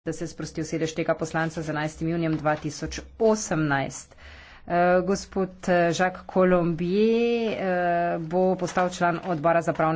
da se sprostil sedež tega poslanca z 11. junijem 2018. Eh, gospod Žak eh, Kolombije eh, bo postal član odbora za pravno.